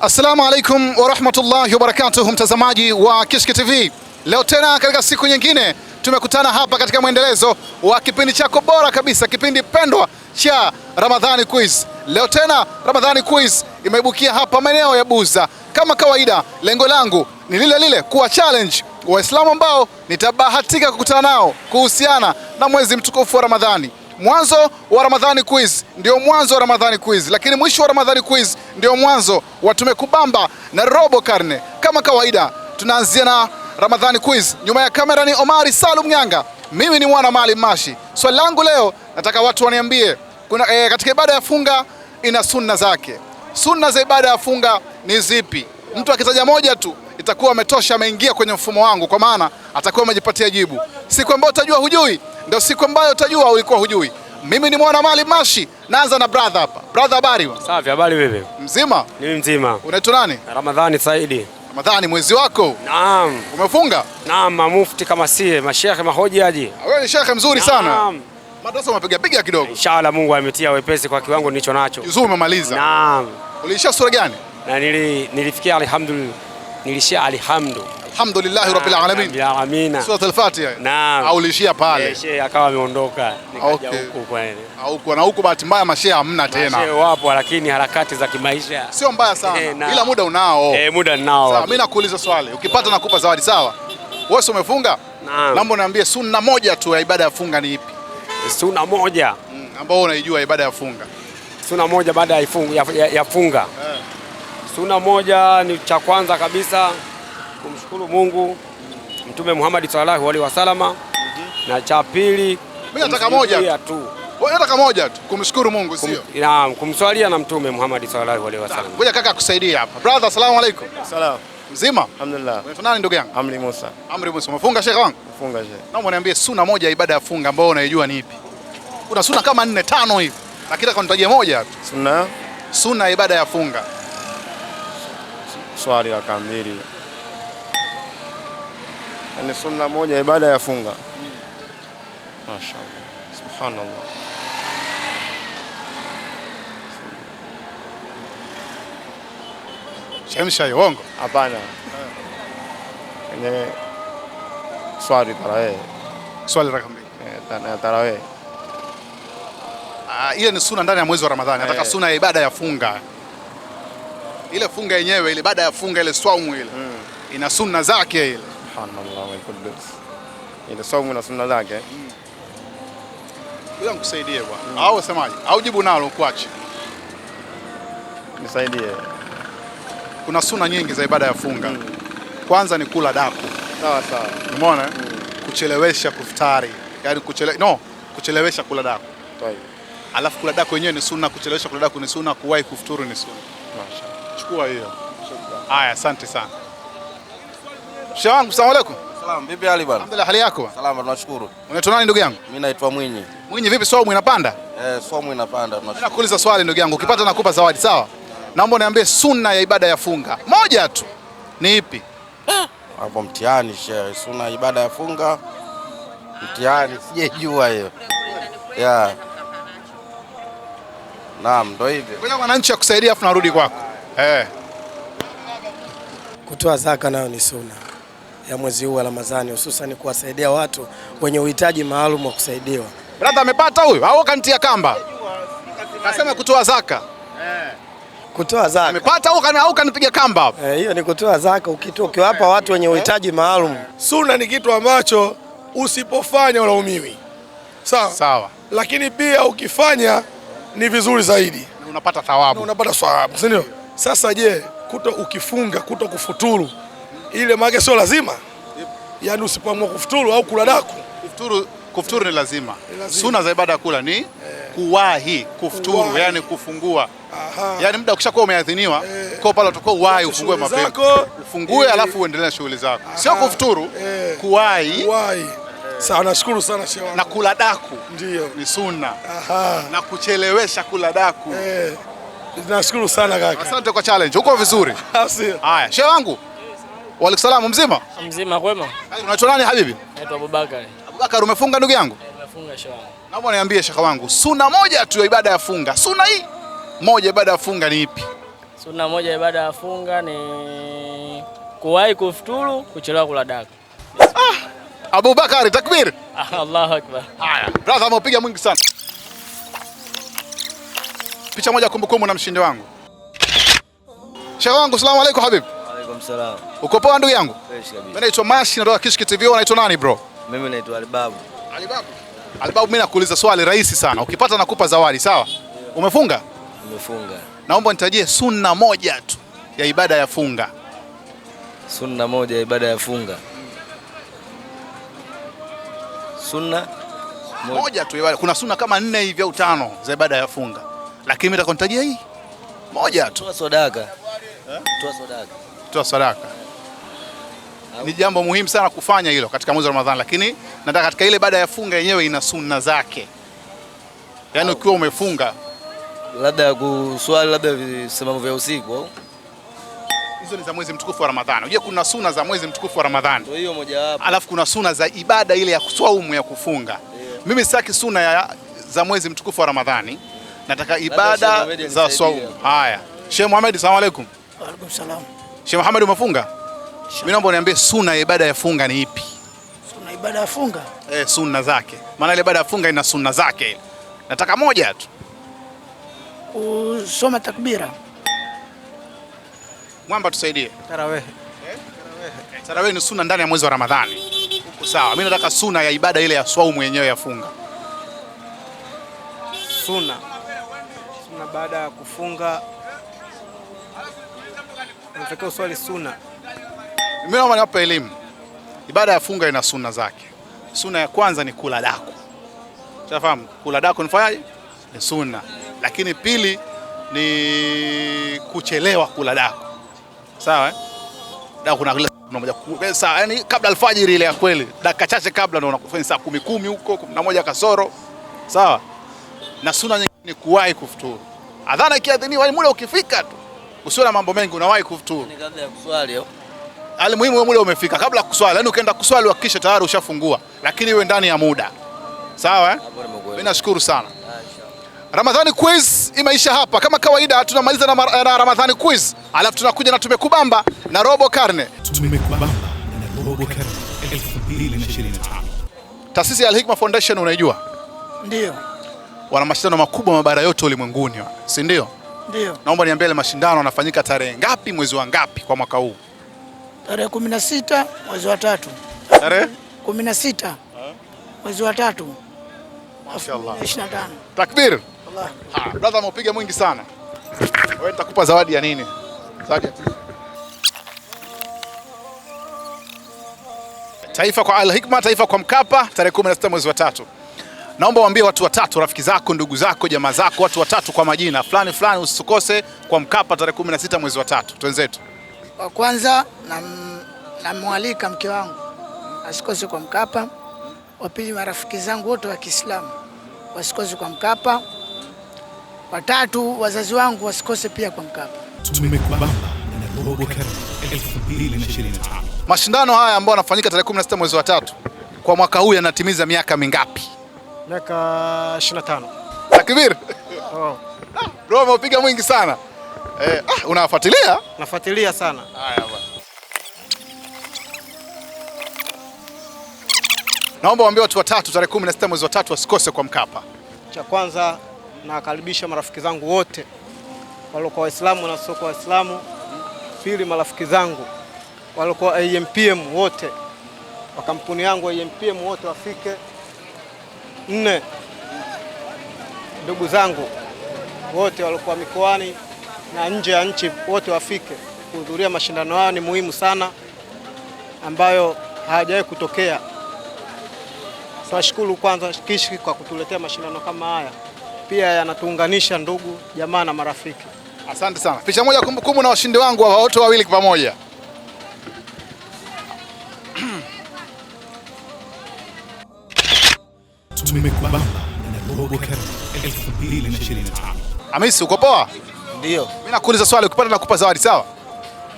Assalamu alaikum warahmatullahi wabarakatuh, mtazamaji wa Kishki TV, leo tena katika siku nyingine tumekutana hapa katika mwendelezo wa kipindi chako bora kabisa, kipindi pendwa cha Ramadhani Quiz. Leo tena Ramadhani Quiz imeibukia hapa maeneo ya Buza. Kama kawaida, lengo langu ni lile lile, kuwa challenge Waislamu ambao nitabahatika kukutana nao kuhusiana na mwezi mtukufu wa Ramadhani. Mwanzo wa Ramadhani Quiz ndio mwanzo wa Ramadhani Quiz, lakini mwisho wa Ramadhani Quiz ndio mwanzo wa Tumekubamba na robo karne. Kama kawaida, tunaanzia na Ramadhani Quiz. Nyuma ya kamera ni Omari Salum Nyanga, mimi ni mwana Maalim Mashi. Swali so, langu leo nataka watu waniambie kuna, e, katika ibada ya funga ina sunna zake. Sunna za ibada ya funga ni zipi? Mtu akitaja moja tu itakuwa ametosha, ameingia kwenye mfumo wangu, kwa maana atakuwa amejipatia jibu. Siku ambayo utajua hujui ndio siku ambayo utajua ulikuwa hujui. Mimi ni mwana mali Mashi, naanza na brother hapa. Brother, habari? Safi, habari wewe? Mzima? Mimi mzima. Unaitwa nani? Ramadhani Saidi. Ramadhani, mwezi wako? Naam. Umefunga? Naam, mufti kama sie, mashehe mahojaji. Ah, wewe ni shekhe mzuri Naam. sana madrasa umepiga piga kidogo. Inshallah Mungu ametia wepesi kwa kiwango nilicho nacho. Juzuu umemaliza? Naam. Uliishia sura gani? Na nili, nilifikia alhamdulillah. Nilishia alhamdulillah. Alhamdulillah rabbil alamin. Ya amina. Sura al-Fatiha. Naam. Au lishia pale. Shehe akawa ameondoka nikaja huku kwa yeye. Au kwa na huku bahati mbaya mashehe hamna tena. Mashehe wapo lakini harakati za kimaisha sio mbaya sana. E, ila muda unao. Eh, muda ninao. Sasa mimi nakuuliza swali. Ukipata nakupa zawadi sawa? Wewe umefunga? Naam. Naomba niambie sunna moja tu ya ibada ya funga ni ipi? Sunna moja mm, ambao unaijua ibada ya funga. Sunna moja baada ya funga ya, ya funga. Eh. Sunna moja ni cha kwanza kabisa kumshukuru Mungu Mtume Muhammad sallallahu alaihi wasallam na cha pili mimi nataka moja tu Wewe nataka moja tu kumshukuru Mungu sio? Naam, kumswalia na Mtume Muhammad sallallahu alaihi wasallam. Ngoja kaka akusaidie hapa. Brother, asalamu alaikum. Salam. Mzima? Alhamdulillah. Unaitwa nani ndugu yangu? Amri Musa. Amri Musa. Umefunga shekhe wangu? Umefunga shekhe. Naomba niambie suna moja ibada ya funga ambayo unaijua ni ipi? Kuna suna kama nne tano hivi. Na kila kunitajia moja tu. Suna. Suna ibada ya funga. Swali la kamili yani sunna moja ibada ya funga. Mashaallah, subhanallah. Chemsha yongo? Hapana, kwenye swali swali raka mbili eh, ah, Ile ni suna ndani ya mwezi wa Ramadhani, nataka eh. suna ya ibada ya funga ile funga yenyewe ile ibada ya funga ile swaumu ile, mm. ina suna zake ile Subhanallah wal Quddus. Ile somo na sunna zake. Bila mkusaidie bwana. Au semaje? Au jibu nalo kuache. Nisaidie. Kuna suna nyingi za ibada ya funga. Mm. Kwanza ni kula daku. Sawa sawa. Umeona? Mm. Kuchelewesha kuftari Yaani kuchele... no, kuchelewesha kula daku. Sawa. Alafu kula daku wenyewe ni sunna, kuchelewesha kula daku ni sunna, kuwahi kufuturu ni sunna. Chukua hiyo. Haya, asante sana. Shehe wangu, salamu alaykum. Salamu, vipi hali bwana? Alhamdulillah, hali yako? Salama, tunashukuru. Unaitwa nani ndugu yangu? Mimi naitwa Mwinyi. Mwinyi, vipi somo inapanda? Eh, somo inapanda, tunashukuru. Nakuuliza swali ndugu yangu, ukipata nakupa zawadi, sawa? Naomba uniambie sunna ya ibada ya funga moja tu ni ipi? Hapo mtihani shehe, sunna ibada ya funga mtihani, sijejua hiyo. Yeah. Naam, ndio hivyo. Ngoja mwananchi akusaidia afu narudi kwako. Eh. Kutoa zaka nayo ni sunna ya mwezi huu wa Ramadhani, hususan kuwasaidia watu wenye uhitaji maalum wa kusaidiwa. Brother amepata huyu au kantia kamba? Nasema kutoa zaka. Eh. Kutoa zaka. Amepata au kana au kanipiga kamba hapo? Eh, hiyo ni kutoa zaka ukitoa ukiwapa watu wenye uhitaji maalum. Sunna ni kitu ambacho usipofanya unaumiwi. Sawa? Sawa. Lakini pia ukifanya ni vizuri zaidi. Unapata thawabu. Unapata thawabu, si ndio? Sasa je, kuto ukifunga kuto kufuturu ile maake sio lazima yep. Yaani usipoamua kufuturu au kula daku kufuturu, kufuturu ni lazima, lazima. Suna za ibada kula ni eh. Kuwahi kufuturu kuwahi. Yani kufungua Aha. Yani muda ukishakuwa umeadhiniwa eh. Kwa pale utakuwa uwahi ufungue mapema ufungue eh. Alafu uendelee na shughuli zako sio kufuturu eh. Kuwahi, kuwahi. Sawa, nashukuru sana shehe wangu. Na kula daku ndio ni sunna. Aha. Na kuchelewesha kula daku eh. Nashukuru sana kaka. Asante kwa challenge. Uko vizuri? Haya, shehe wangu Waalaikumsalam, mzima? Mzima kwema. Unaitwa nani habibi? Naitwa Abubakar. Abubakar, umefunga ndugu yangu? Nimefunga shekhi. Naomba niambie shekhi wangu, suna moja tu ya ibada ya funga, suna hii moja ibada ya funga ni ipi? Suna moja ibada ya funga ni kuwahi kufuturu, kuchelewa kula daka. Ah, Abubakar, takbir. Ah, Allahu akbar. Haya, brother amepiga mwingi sana. Picha moja kumbukumbu na mshindi wangu. Shekhi wangu, salamu alaykum habibi. Salaam salaam. Uko poa ndugu yangu? Fresh kabisa. Mimi naitwa Mashi natoka Kishki TV. unaitwa nani bro? Mimi naitwa Alibabu. Alibabu. Alibabu, mimi nakuuliza swali rahisi sana. Ukipata nakupa zawadi, sawa? Yeah. Umefunga? Umefunga. Naomba nitajie sunna moja tu ya ibada ya funga. Sunna moja ya ibada ya funga. Sunna moja, moja tu ibada. Kuna sunna kama nne hivi au tano za ibada ya funga. Lakini mimi nitakontajia hii moja tu. Toa sadaka. Toa sadaka kutoa sadaka. Ni jambo muhimu sana kufanya hilo katika mwezi wa Ramadhani, lakini nataka katika ile baada ya funga yenyewe ina sunna zake, yaani ukiwa umefunga labda ya kuswali labda visimamo vya usiku au hizo ni za mwezi mtukufu wa Ramadhani. Unajua kuna suna za mwezi mtukufu wa Ramadhani. Ndio hiyo moja wapo. Alafu kuna suna za ibada ile ya swaumu ya kufunga. Yeah. Mimi sitaki suna ya, za mwezi mtukufu wa Ramadhani. Nataka ibada za swaumu. Haya. Sheikh Muhammad, asalamu alaykum. Wa alaykum salaam. Sheikh Muhammad umefunga? Mimi naomba uniambie sunna ya ibada ya funga ni ipi? Sunna ibada ya funga? Eh, sunna zake. Maana ile ibada ya funga ina sunna zake. Nataka moja tu. Kusoma takbira. Mwamba tusaidie. Tarawih. Eh? Tarawih ni sunna ndani ya mwezi wa Ramadhani. Huko sawa. Mimi nataka sunna ya ibada ile ya swaumu yenyewe ya funga. Sunna. Sunna baada ya kufunga unatakiwa swali suna. Mimi naomba niwape elimu, ibada ya funga ina suna zake. Suna ya kwanza ni kula daku, unafahamu kula daku nifanyaje? Ni suna, Lakini pili ni kuchelewa kula daku, sawa eh? daku na eh, saa yani kabla alfajiri ile ya kweli, dakika chache kabla, ndo unakufanya saa kumi kumi huko kumi na moja kasoro, sawa. Na suna nyingine ni kuwahi kufuturu, adhana ikiadhiniwa, muda ukifika tu usio na mambo mengi, unawahi kufuturu alimuhimu mule umefika, kabla kuswali. Yani ukienda kuswali hakikisha tayari ushafungua, lakini iwe ndani ya muda. Sawa eh? Mimi nashukuru sana. Ah, Ramadhani quiz imeisha hapa. Kama kawaida, tunamaliza na, na Ramadhani quiz, alafu tunakuja na tumekubamba na robo karne. Tumekubamba na robo karne 2025. Taasisi ya Al Hikma Foundation unaijua? Ndio. Wana mashindano makubwa mabara yote ulimwenguni, si ndio? Ndio. Naomba niambie ile mashindano yanafanyika tarehe ngapi mwezi wa ngapi kwa mwaka huu? Tarehe 16 mwezi wa tatu. Tarehe 16 mwezi wa tatu. Mashaallah. 25. Takbir. Allah. Ha, brother mpiga mwingi sana. Wewe nitakupa zawadi ya nini? Zawadi Taifa kwa Al Hikma, Taifa kwa Mkapa tarehe 16 mwezi wa tatu naomba waambie watu watatu, rafiki zako, ndugu zako, jamaa zako, watu watatu kwa majina fulani fulani, usikose kwa Mkapa tarehe 16 mwezi wa tatu. Twenzetu wa kwanza namwalika na mke wangu asikose kwa Mkapa. Wa pili marafiki zangu wote wa Kiislamu wasikose kwa Mkapa. Watatu wazazi wangu wasikose pia kwa Mkapa. Tumekubamba na robo karibu 2025. Mashindano haya ambayo yanafanyika tarehe 16 mwezi wa tatu kwa mwaka huu yanatimiza miaka mingapi? miaka 25. Takbir. Oh. Bro, umeupiga mwingi sana. Eh, ah, unafuatilia? Nafuatilia sana. Haya ba. Naomba waambie watu watatu tarehe 16 mwezi wa tatu wasikose kwa Mkapa. Cha kwanza nawakaribisha marafiki zangu wote waliokuwa Waislamu na sio kwa Waislamu. Pili, marafiki zangu waliokuwa AMPM wote wa kampuni yangu AMPM wote wafike nne ndugu zangu wote waliokuwa mikoani na nje ya nchi wote wafike kuhudhuria mashindano haya, ni muhimu sana ambayo hayajawahi kutokea. Tunashukuru kwanza kishi kwa kutuletea mashindano kama haya, pia yanatuunganisha ndugu jamaa na marafiki. Asante sana. Picha moja kumbukumbu na washindi wangu wote wawili pamoja. Tumekubana na 2025. Hamisi, uko poa? Ndio. Mimi nakuuliza swali, ukipata nakupa zawadi, sawa?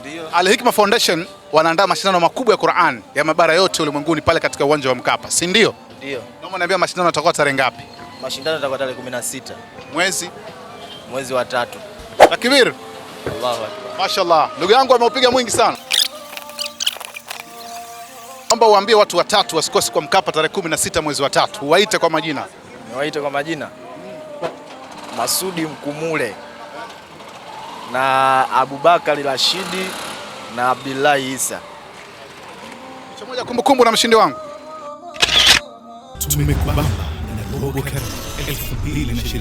Ndio. Al Hikma Foundation wanaandaa mashindano makubwa ya Qur'an ya mabara yote ulimwenguni pale katika uwanja wa Mkapa, si ndio? Ndio. Naomba niambia mashindano yatakuwa tarehe ngapi? Mashindano yatakuwa tarehe 16. Mwezi? Mwezi wa tatu. Takbir. Allahu Akbar. Mashallah. Ndugu yangu ameupiga mwingi sana. Omba uambie watu watatu wasikose kwa Mkapa tarehe kumi na sita mwezi wa tatu, waite kwa majina. Niwaite kwa majina Masudi Mkumule na Abubakari Rashidi na Abdullahi Isa. Hicho moja kumbukumbu na mshindi wangu. Tumekubamba na robo karne 2025.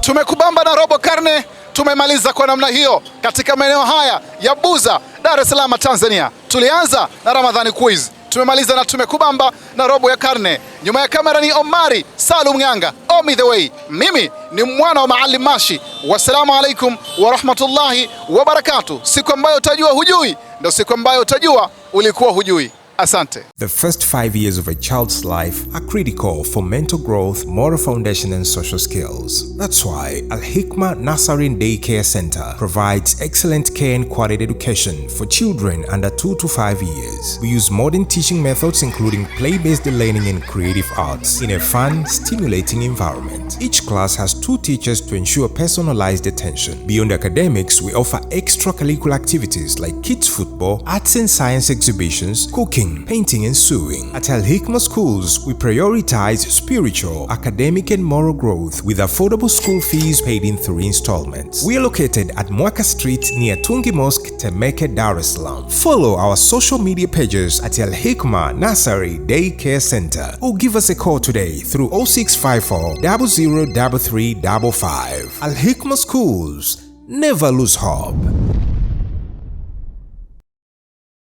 Tumekubamba na robo karne tumemaliza kwa namna hiyo katika maeneo haya ya Buza, Dar es Salaam, Tanzania. Tulianza na Ramadhani Quiz. Tumemaliza na tumekubamba na robo ya karne. Nyuma ya kamera ni Omari Salum Ng'anga, Omi oh, the way. Mimi ni mwana wa Maalim Mashi. Wassalamu alaikum warahmatullahi wabarakatuh. Siku ambayo utajua hujui, ndio siku ambayo utajua ulikuwa hujui. Asante. The first five years of a child's life are critical for mental growth, moral foundation, and social skills. That's why Al Hikma Nasarin Daycare Center provides excellent care and quality education for children under 2 to 5 years. We use modern teaching methods including play based learning and creative arts in a fun, stimulating environment. Each class has two teachers to ensure personalized attention. Beyond academics, we offer extracurricular activities like kids' football, arts and science exhibitions, cooking painting, and sewing. At Al Hikma schools, we prioritize spiritual, academic, and moral growth with affordable school fees paid in three installments. We are located at Mwaka Street near Tungi Mosque, Temeke, Dar es Salaam. Follow our social media pages at Al Hikma Nasari Daycare Center or give us a call today through 0654 0035. Al Hikma Schools. Never lose hope.